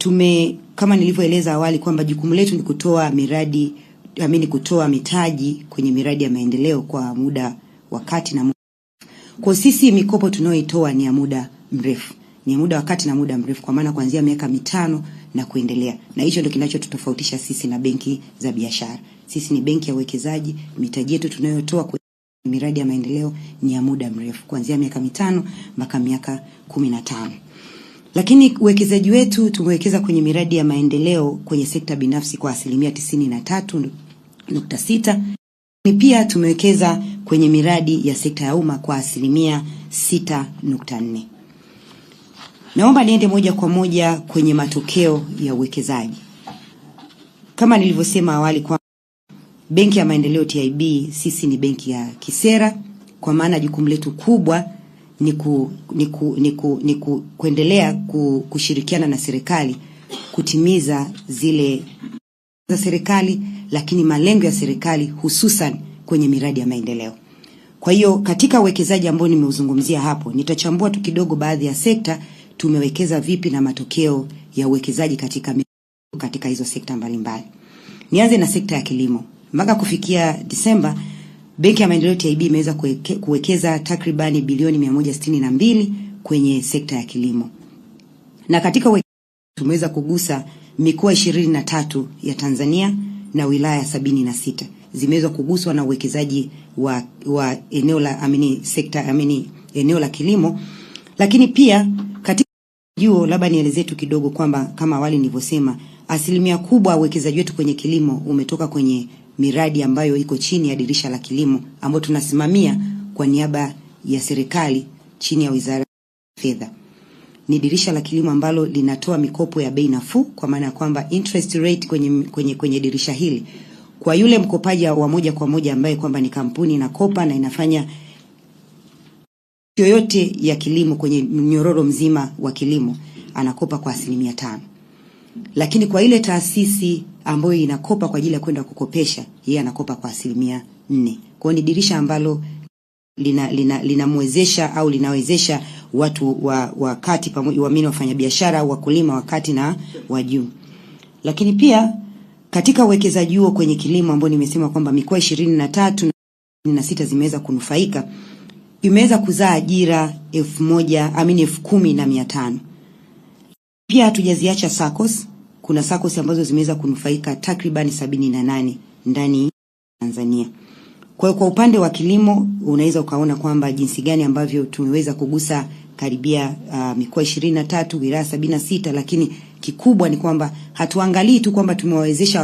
tume kama nilivyoeleza awali kwamba jukumu letu ni kutoa miradi amini, kutoa mitaji kwenye miradi ya maendeleo kwa muda wa na muda. Kwa sisi mikopo tunayoitoa ni ya muda mrefu, ni ya muda wa kati na muda mrefu, kwa maana kuanzia miaka mitano na kuendelea, na hicho ndio kinachotutofautisha sisi na benki za biashara. Sisi ni benki ya uwekezaji, mitaji yetu tunayotoa kwenye miradi ya maendeleo ni ya muda mrefu, kuanzia miaka mitano mpaka miaka kumi na tano. Lakini uwekezaji wetu tumewekeza kwenye miradi ya maendeleo kwenye sekta binafsi kwa asilimia tisini na tatu nukta sita ni pia tumewekeza kwenye miradi ya sekta ya umma kwa asilimia sita nukta nne. Naomba niende moja kwa moja kwenye matokeo ya uwekezaji. Kama nilivyosema awali kwa Benki ya Maendeleo TIB, sisi ni benki ya kisera, kwa maana jukumu letu kubwa ni, ku, ni, ku, ni, ku, ni ku, kuendelea ku, kushirikiana na serikali kutimiza zile za serikali, lakini malengo ya serikali hususan kwenye miradi ya maendeleo. Kwa hiyo katika uwekezaji ambao nimeuzungumzia hapo, nitachambua tu kidogo baadhi ya sekta tumewekeza vipi na matokeo ya uwekezaji katika katika hizo sekta mbalimbali. Nianze na sekta ya kilimo. Mpaka kufikia Disemba Benki ya Maendeleo TIB imeweza kuweke, kuwekeza takribani bilioni 162 kwenye sekta ya kilimo, na katika tumeweza kugusa mikoa 23 ya Tanzania na wilaya 76 zimeweza kuguswa na uwekezaji wa, wa eneo la amini, sekta amini, eneo la kilimo. Lakini pia katika juo, labda nielezee tu kidogo kwamba kama awali nilivyosema asilimia kubwa uwekezaji wetu kwenye kilimo umetoka kwenye miradi ambayo iko chini ya dirisha la kilimo ambayo tunasimamia kwa niaba ya serikali chini ya Wizara ya Fedha. Ni dirisha la kilimo ambalo linatoa mikopo ya bei nafuu, kwa maana ya kwamba interest rate kwenye, kwenye, kwenye dirisha hili kwa yule mkopaji wa moja kwa moja ambaye kwamba ni kampuni inakopa na inafanya yoyote ya kilimo kwenye mnyororo mzima wa kilimo anakopa kwa asilimia tano lakini kwa ile taasisi ambayo inakopa kwa ajili ya kwenda kukopesha, yeye anakopa kwa asilimia nne. Kwa ni dirisha ambalo linamwezesha lina, lina au linawezesha watu wa wakati pamoja waamini wafanyabiashara wakulima wakati na wa juu. Lakini pia katika uwekezaji huo kwenye kilimo ambao nimesema kwamba mikoa ishirini na tatu na sita zimeweza kunufaika, imeweza kuzaa ajira elfu moja amini elfu kumi na mia tano pia hatujaziacha SACCOS. Kuna SACCOS ambazo zimeweza kunufaika takribani sabini na nane ndani ya Tanzania. Kwa hiyo kwa upande wa kilimo unaweza ukaona kwamba jinsi gani ambavyo tumeweza kugusa karibia uh, mikoa ishirini na tatu wilaya sabini na sita lakini kikubwa ni kwamba hatuangalii tu kwamba tumewawezesha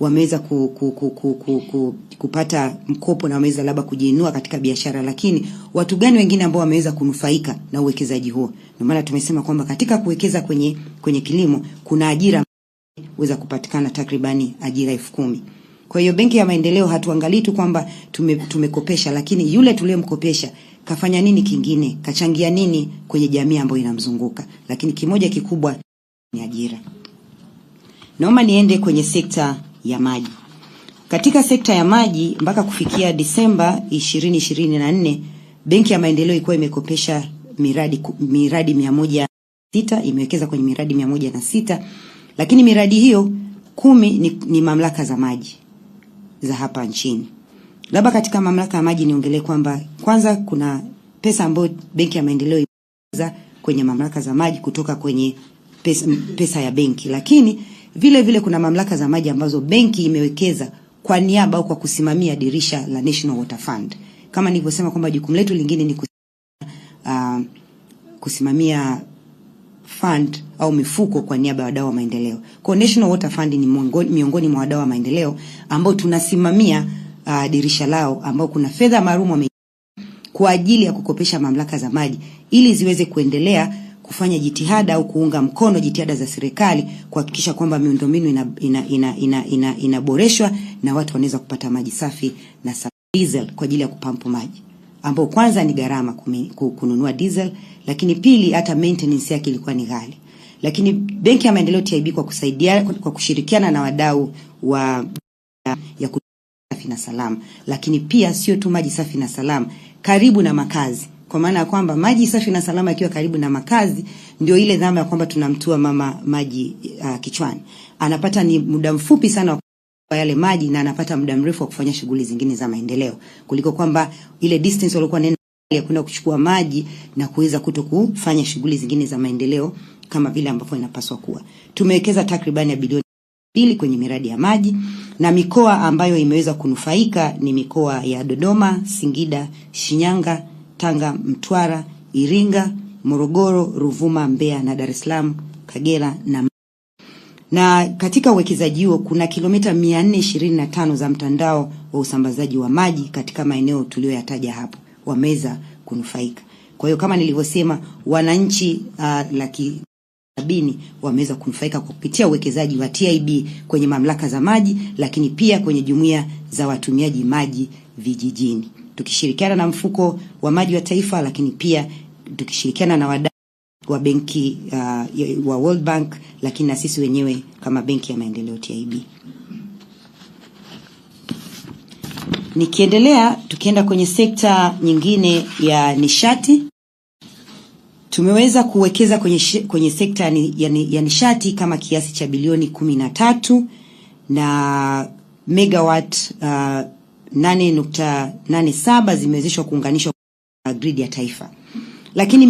wameweza ku, ku, ku, ku, ku, ku, kupata mkopo na wameweza labda kujiinua katika biashara, lakini watu gani wengine ambao wameweza kunufaika na uwekezaji huo? Ndio maana tumesema kwamba katika kuwekeza kwenye, kwenye kilimo kuna ajira weza kupatikana takribani ajira elfu kumi. Kwa hiyo Benki ya Maendeleo hatuangalii tu kwamba tume, tumekopesha, lakini yule tuliyemkopesha kafanya nini kingine, kachangia nini kwenye jamii ambayo inamzunguka, lakini kimoja kikubwa ni ajira. Naomba niende kwenye sekta ya maji. Katika sekta ya maji mpaka kufikia Disemba 2024, Benki ya Maendeleo ilikuwa imekopesha miradi miradi 106, imewekeza kwenye miradi na sita lakini miradi hiyo kumi ni, ni mamlaka za maji za hapa nchini. Labda katika mamlaka ya maji niongelee kwamba kwanza kuna pesa ambayo Benki ya Maendeleo imewekeza kwenye mamlaka za maji kutoka kwenye pesa, pesa ya benki lakini vile vile kuna mamlaka za maji ambazo benki imewekeza kwa niaba au kwa kusimamia dirisha la National Water Fund. Kama nilivyosema kwamba jukumu letu lingine ni kusimamia, uh, kusimamia fund au mifuko kwa niaba ya wadau wa maendeleo. Kwa National Water Fund ni miongoni, miongoni mwa wadau wa maendeleo ambao tunasimamia uh, dirisha lao ambao kuna fedha maalum kwa ajili ya kukopesha mamlaka za maji ili ziweze kuendelea kufanya jitihada au kuunga mkono jitihada za serikali kuhakikisha kwamba miundombinu inaboreshwa ina, ina, ina, ina, ina na watu wanaweza kupata maji safi na safi diesel kwa ajili ya kupampu maji ambao kwanza ni gharama kununua diesel, lakini pili hata maintenance yake ilikuwa ni ghali. Lakini Benki ya Maendeleo TIB kwa kusaidia kwa kushirikiana na wadau wa ya safi na salama, lakini pia sio tu maji safi na salama karibu na makazi kwa maana ya kwamba maji safi na salama yakiwa karibu na makazi, ndio ile dhama ya kwamba tunamtua mama maji uh, kichwani, anapata ni muda mfupi sana wa yale maji na anapata muda mrefu wa kufanya shughuli zingine za maendeleo kuliko kwamba ile distance walikuwa nenda ya kwenda kuchukua maji na kuweza kuto kufanya shughuli zingine za maendeleo kama vile ambavyo inapaswa kuwa. Tumewekeza takribani ya bilioni mbili kwenye miradi ya maji na mikoa ambayo imeweza kunufaika ni mikoa ya Dodoma, Singida, Shinyanga Tanga, Mtwara, Iringa, Morogoro, Ruvuma, Mbeya na Dar es Salaam, Kagera na na katika uwekezaji huo kuna kilomita 425 za mtandao wa usambazaji wa maji katika maeneo tuliyoyataja hapo wameweza kunufaika. Kwa hiyo kama nilivyosema, wananchi uh, laki sabini wameweza kunufaika kwa kupitia uwekezaji wa TIB kwenye mamlaka za maji, lakini pia kwenye jumuiya za watumiaji maji vijijini tukishirikiana na mfuko wa maji wa taifa, lakini pia tukishirikiana na wadau wa benki uh, wa World Bank, lakini na sisi wenyewe kama benki ya maendeleo TIB. Nikiendelea, tukienda kwenye sekta nyingine ya nishati, tumeweza kuwekeza kwenye, kwenye sekta ya, ya, ya nishati kama kiasi cha bilioni kumi na tatu na megawatt uh, 8.87 zimewezeshwa kuunganishwa na gridi ya taifa, lakini